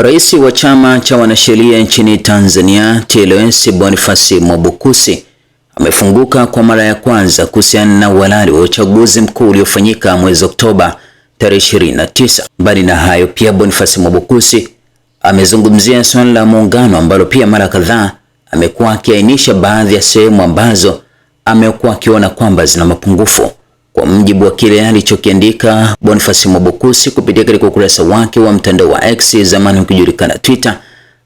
Rais wa Chama cha Wanasheria nchini Tanzania TLS Bonifasi Mwabukusi amefunguka kwa mara ya kwanza kuhusiana na uhalali wa uchaguzi mkuu uliofanyika mwezi Oktoba tarehe 29. Mbali na hayo, pia Bonifasi Mwabukusi amezungumzia suala la muungano ambalo pia mara kadhaa amekuwa akiainisha baadhi ya sehemu ambazo amekuwa akiona kwamba zina mapungufu. Kwa mjibu wa kile alichokiandika Boniface Mwabukusi kupitia katika ukurasa wake wa mtandao wa X, zamani ukijulikana Twitter,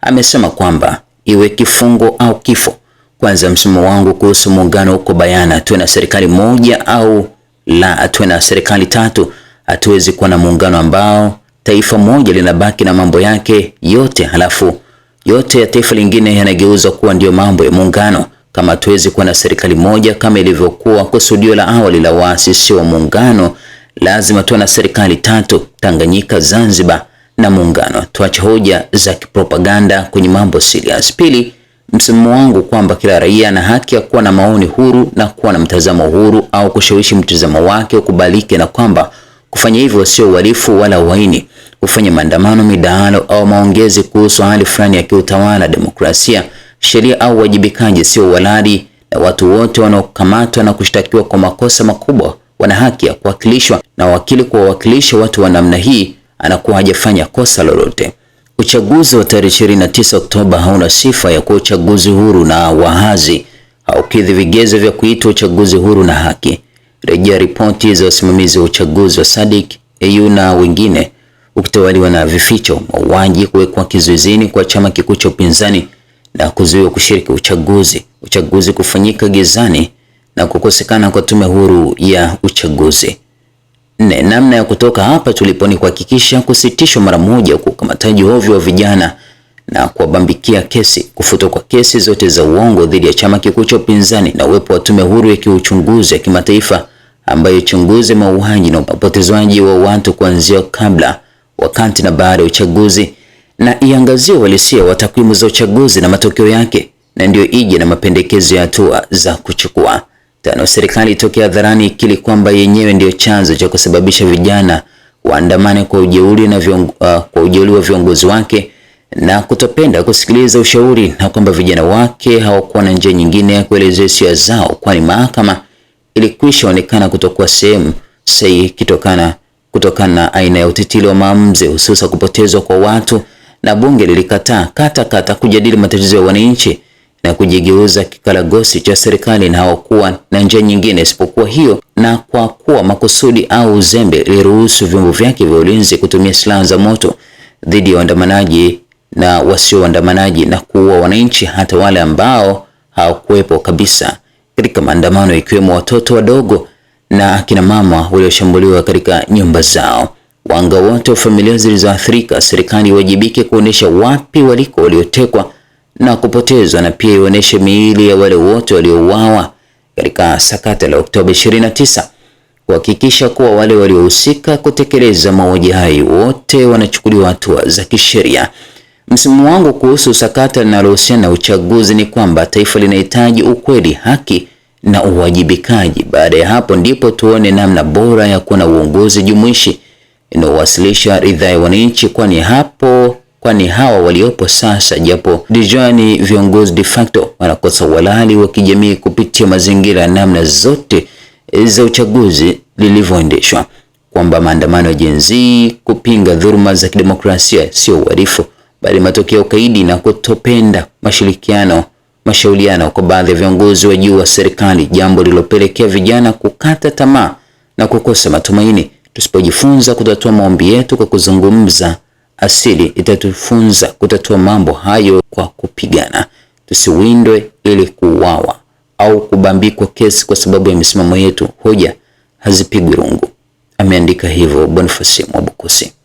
amesema kwamba iwe kifungo au kifo, kwanza msimamo wangu kuhusu muungano uko bayana. Tuwe na serikali moja au la, tuwe na serikali tatu. Hatuwezi kuwa na muungano ambao taifa moja linabaki na mambo yake yote halafu yote ya taifa lingine yanageuza kuwa ndiyo mambo ya muungano kama tuwezi kuwa na serikali moja kama ilivyokuwa kusudio la awali la waasisi wa muungano, lazima tuwe na serikali tatu: Tanganyika, Zanzibar na muungano. Tuache hoja za kipropaganda kwenye mambo serious. Pili, msimamo wangu kwamba kila raia ana haki ya kuwa na maoni huru na kuwa na mtazamo huru au kushawishi mtazamo wake ukubalike, na kwamba kufanya hivyo sio uhalifu wala uhaini. Kufanya maandamano, midahalo au maongezi kuhusu hali fulani ya kiutawala, demokrasia sheria au wajibikaji sio uhalali, na watu wote wanaokamatwa na kushtakiwa kwa makosa makubwa wana haki ya kuwakilishwa, na wakili kuwawakilisha watu wa namna hii anakuwa hajafanya kosa lolote. Uchaguzi wa tarehe 29 Oktoba hauna sifa ya kuwa uchaguzi huru na wahazi, haukidhi vigezo vya kuitwa uchaguzi huru na haki. Rejea ripoti za wasimamizi wa uchaguzi wa Sadik EU na wengine, ukitawaliwa na vificho, mauaji, kuwekwa kizuizini kwa chama kikuu cha upinzani la kuzuiwa kushiriki uchaguzi, uchaguzi kufanyika gizani na kukosekana kwa tume huru ya uchaguzi. Nne, namna ya kutoka hapa tulipo ni kuhakikisha kusitishwa mara moja kwa ukamataji ovyo wa vijana na kuwabambikia kesi, kufutwa kwa kesi zote za uongo dhidi ya chama kikuu cha upinzani na uwepo wa tume huru ya kiuchunguzi ya kimataifa ambayo ichunguze mauaji na upotezwaji wa watu kuanzia kabla, wakati na baada ya uchaguzi na iangazie uhalisia wa takwimu za uchaguzi na matokeo yake, na ndiyo ije na mapendekezo ya hatua za kuchukua. Tano, serikali itokea hadharani ikili kwamba yenyewe ndiyo chanzo cha kusababisha vijana waandamane kwa ujeuri na viong, uh, kwa ujeuri wa viongozi wake na kutopenda kusikiliza ushauri na kwamba vijana wake hawakuwa na njia nyingine ya kuelezea hisia zao, kwani mahakama ilikwisha onekana kutokuwa sehemu sahihi kutokana na aina ya utitili wa maamuzi, hususa kupotezwa kwa watu na bunge lilikataa kata kata kujadili matatizo ya wananchi na kujigeuza kikaragosi cha serikali na hawakuwa na njia nyingine isipokuwa hiyo, na kwa kuwa makusudi au uzembe liruhusu vyombo vyake vya ulinzi kutumia silaha za moto dhidi ya waandamanaji na wasioandamanaji na kuua wananchi, hata wale ambao hawakuwepo kabisa katika maandamano, ikiwemo watoto wadogo na akina mama walioshambuliwa katika nyumba zao. Wanga wote wa familia zilizoathirika, serikali iwajibike kuonesha wapi waliko waliotekwa na kupotezwa, na pia ionyeshe miili ya wale wote waliouawa katika sakata la Oktoba 29, kuhakikisha kuwa wale waliohusika kutekeleza mauaji hayo wote wanachukuliwa hatua za kisheria. Msimamo wangu kuhusu sakata linalohusiana na uchaguzi ni kwamba taifa linahitaji ukweli, haki na uwajibikaji. Baada ya hapo ndipo tuone namna bora ya kuwa na uongozi jumuishi inaowasilisha ridhaa ya wananchi, kwani hapo kwani hawa waliopo sasa, japo dijani viongozi de facto wanakosa uhalali wa kijamii kupitia mazingira ya namna zote za uchaguzi lilivyoendeshwa, kwamba maandamano ya jenzii kupinga dhuluma za kidemokrasia sio uhalifu, bali matokeo kaidi na kutopenda mashirikiano mashauriano kwa baadhi ya viongozi wa juu wa serikali, jambo lililopelekea vijana kukata tamaa na kukosa matumaini. Tusipojifunza kutatua maombi yetu kwa kuzungumza, asili itatufunza kutatua mambo hayo kwa kupigana. Tusiwindwe ili kuuawa au kubambikwa kesi kwa sababu ya misimamo yetu. Hoja hazipigwi rungu. Ameandika hivyo Boniface Mwabukusi.